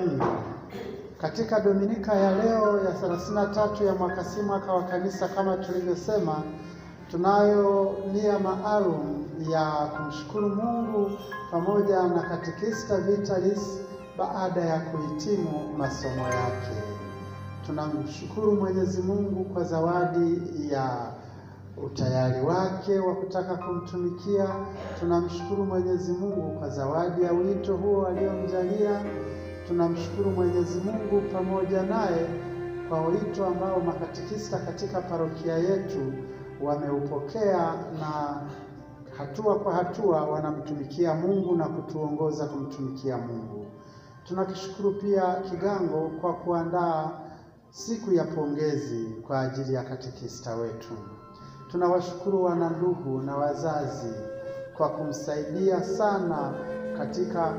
Mungu katika Dominika ya leo ya 33 ya mwaka si mwaka wa kanisa, kama tulivyosema, tunayo nia maalum ya kumshukuru Mungu pamoja na katekista Vitalis baada ya kuhitimu masomo yake. Tunamshukuru Mwenyezi Mungu kwa zawadi ya utayari wake wa kutaka kumtumikia. Tunamshukuru Mwenyezi Mungu kwa zawadi ya wito huo aliyomjalia Tunamshukuru Mwenyezi Mungu pamoja naye kwa wito ambao makatikista katika parokia yetu wameupokea na hatua kwa hatua wanamtumikia Mungu na kutuongoza kumtumikia Mungu. Tunakishukuru pia Kigango kwa kuandaa siku ya pongezi kwa ajili ya katekista wetu. Tunawashukuru wanandugu na wazazi kwa kumsaidia sana katika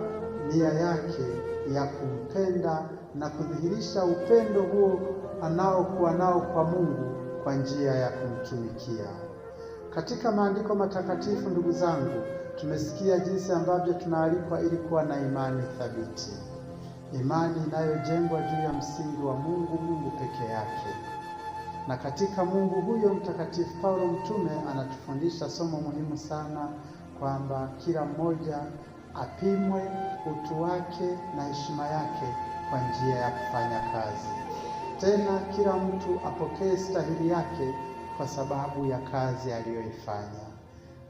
nia yake ya kumpenda na kudhihirisha upendo huo anaokuwa nao kwa Mungu kwa njia ya kumtumikia. Katika maandiko matakatifu, ndugu zangu, tumesikia jinsi ambavyo tunaalikwa ili kuwa na imani thabiti, imani inayojengwa juu ya msingi wa Mungu, Mungu peke yake. Na katika Mungu huyo Mtakatifu Paulo mtume anatufundisha somo muhimu sana kwamba kila mmoja apimwe utu wake na heshima yake kwa njia ya kufanya kazi. Tena kila mtu apokee stahili yake kwa sababu ya kazi aliyoifanya,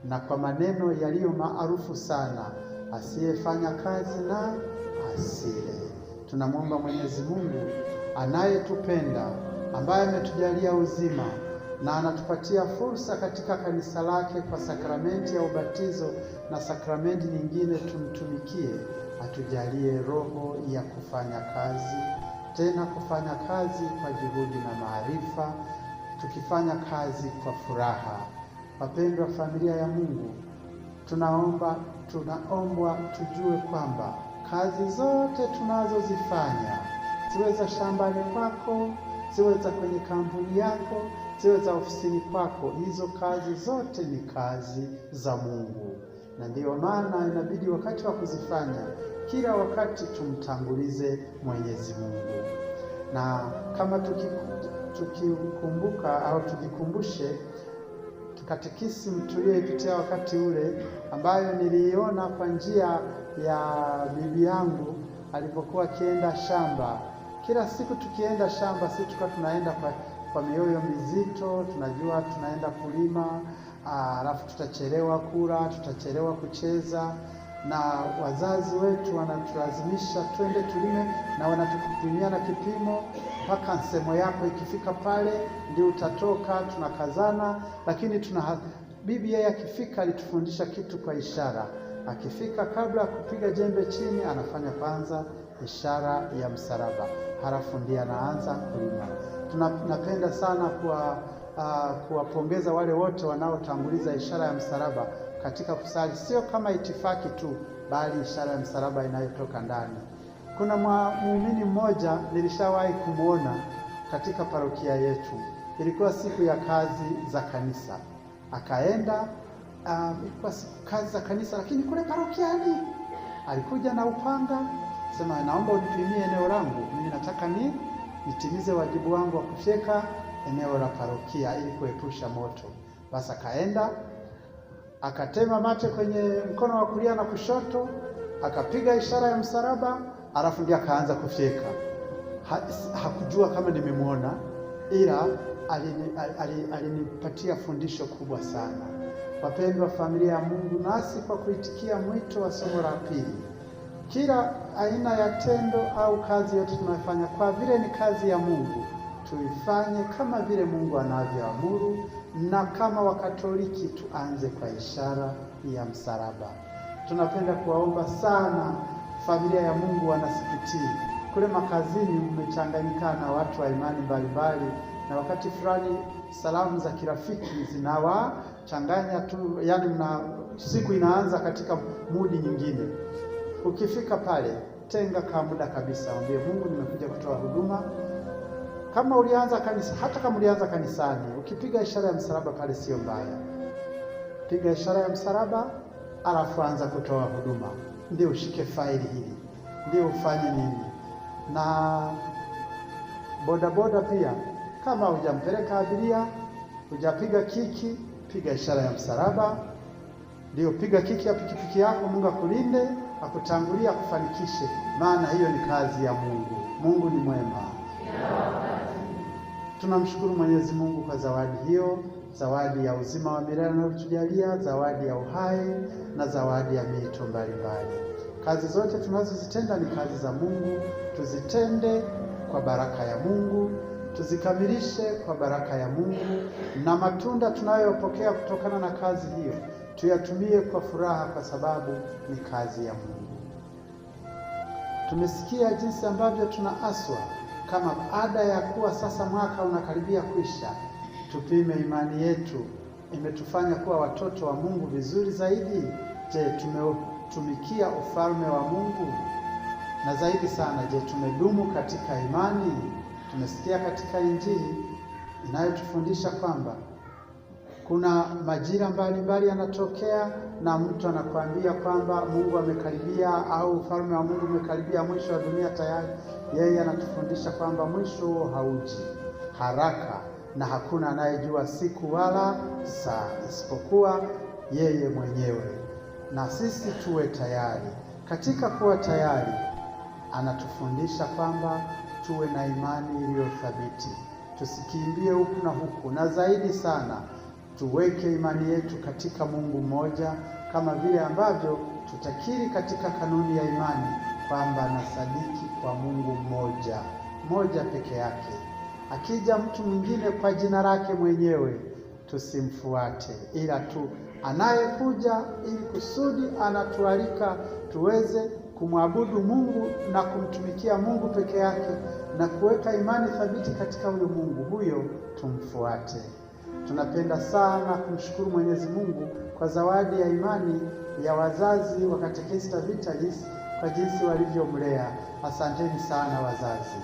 na kwa maneno yaliyo maarufu sana, asiyefanya kazi na asile. Tunamwomba Mwenyezi Mungu anayetupenda, ambaye ametujalia uzima na anatupatia fursa katika kanisa lake kwa sakramenti ya ubatizo na sakramenti nyingine tumtumikie. Atujalie roho ya kufanya kazi, tena kufanya kazi kwa juhudi na maarifa, tukifanya kazi kwa furaha. Wapendwa familia ya Mungu, tunaomba tunaombwa tujue kwamba kazi zote tunazozifanya ziwe za shambani kwako, ziwe za kwenye kampuni yako ziwe za ofisini kwako, hizo kazi zote ni kazi za Mungu, na ndiyo maana inabidi wakati wa kuzifanya kila wakati tumtangulize Mwenyezi Mungu, na kama tukikumbuka au tujikumbushe katekisimu tuliyoipitia wakati ule, ambayo niliiona kwa njia ya bibi yangu alipokuwa akienda shamba. Kila siku tukienda shamba, si tukawa tunaenda kwa kwa mioyo mizito, tunajua tunaenda kulima, ah, alafu tutachelewa kula, tutachelewa kucheza, na wazazi wetu wanatulazimisha twende tulime, na wanatukupimia na kipimo mpaka nsemo yako ikifika pale ndio utatoka. Tunakazana, lakini tuna bibi, yeye akifika alitufundisha kitu kwa ishara. Akifika kabla ya kupiga jembe chini, anafanya kwanza ishara ya msalaba, halafu ndiye anaanza kulima. Tunapenda sana kwa uh, ah, kuwapongeza wale wote wanaotanguliza ishara ya msalaba katika kusali, sio kama itifaki tu, bali ishara ya msalaba inayotoka ndani. Kuna muumini mmoja nilishawahi kumwona katika parokia yetu, ilikuwa siku ya kazi za kanisa, akaenda ah, ilikuwa um, siku kazi za kanisa, lakini kule parokiani alikuja na upanga sema naomba unipimie eneo langu, mimi nataka ni nitimize wajibu wangu wa kufyeka eneo la parokia ili kuepusha moto. Basi akaenda akatema mate kwenye mkono wa kulia na kushoto, akapiga ishara ya msalaba, alafu ndiye akaanza kufyeka. Ha, hakujua kama nimemwona, ila alinipatia fundisho kubwa sana. Wapendwa familia ya Mungu, nasi kwa kuitikia mwito wa somo la pili kila aina ya tendo au kazi yote tunayofanya, kwa vile ni kazi ya Mungu, tuifanye kama vile Mungu anavyoamuru, na kama Wakatoliki tuanze kwa ishara ya msalaba. Tunapenda kuwaomba sana familia ya Mungu wanasikitii kule makazini, umechanganyikana watu wa imani mbalimbali, na wakati fulani salamu za kirafiki zinawachanganya tu, yani mna siku inaanza katika mudi nyingine. Ukifika pale, tenga kama muda kabisa, ambie Mungu, nimekuja kutoa huduma. Kama ulianza kanisa, hata kama ulianza kanisani, ukipiga ishara ya msalaba pale sio mbaya. Piga ishara ya msalaba, alafu anza kutoa huduma, ndio ushike faili hili, ndio ufanye nini. Na bodaboda pia, kama hujampeleka abiria, hujapiga kiki, piga ishara ya msalaba, ndio piga kiki ya pikipiki yako, Mungu akulinde akutangulia kufanikishe, maana hiyo ni kazi ya Mungu. Mungu ni mwema. Tunamshukuru Mwenyezi Mungu kwa zawadi hiyo, zawadi ya uzima wa milele anayotujalia, zawadi ya uhai na zawadi ya mito mbalimbali. Kazi zote tunazozitenda ni kazi za Mungu, tuzitende kwa baraka ya Mungu, tuzikamilishe kwa baraka ya Mungu, na matunda tunayopokea kutokana na kazi hiyo tuyatumie kwa furaha, kwa sababu ni kazi ya Mungu. Tumesikia jinsi ambavyo tunaaswa kama ada ya kuwa sasa mwaka unakaribia kuisha. Tupime imani yetu imetufanya kuwa watoto wa Mungu vizuri zaidi. Je, tumetumikia ufalme wa Mungu? Na zaidi sana, je, tumedumu katika imani? Tumesikia katika Injili inayotufundisha kwamba kuna majira mbalimbali yanatokea, na mtu anakuambia kwamba Mungu amekaribia au ufalme wa Mungu umekaribia, mwisho wa dunia tayari. Yeye anatufundisha kwamba mwisho hauji haraka, na hakuna anayejua siku wala saa isipokuwa yeye mwenyewe, na sisi tuwe tayari. Katika kuwa tayari, anatufundisha kwamba tuwe na imani iliyothabiti, tusikimbie huku na huku, na zaidi sana tuweke imani yetu katika Mungu mmoja, kama vile ambavyo tutakiri katika kanuni ya imani kwamba nasadiki kwa Mungu mmoja mmoja peke yake. Akija mtu mwingine kwa jina lake mwenyewe tusimfuate, ila tu anayekuja ili kusudi anatualika tuweze kumwabudu Mungu na kumtumikia Mungu peke yake na kuweka imani thabiti katika huyo Mungu, huyo tumfuate. Tunapenda sana kumshukuru Mwenyezi Mungu kwa zawadi ya imani ya wazazi wa katekista Vitalis kwa jinsi walivyomlea. Asanteni sana wazazi.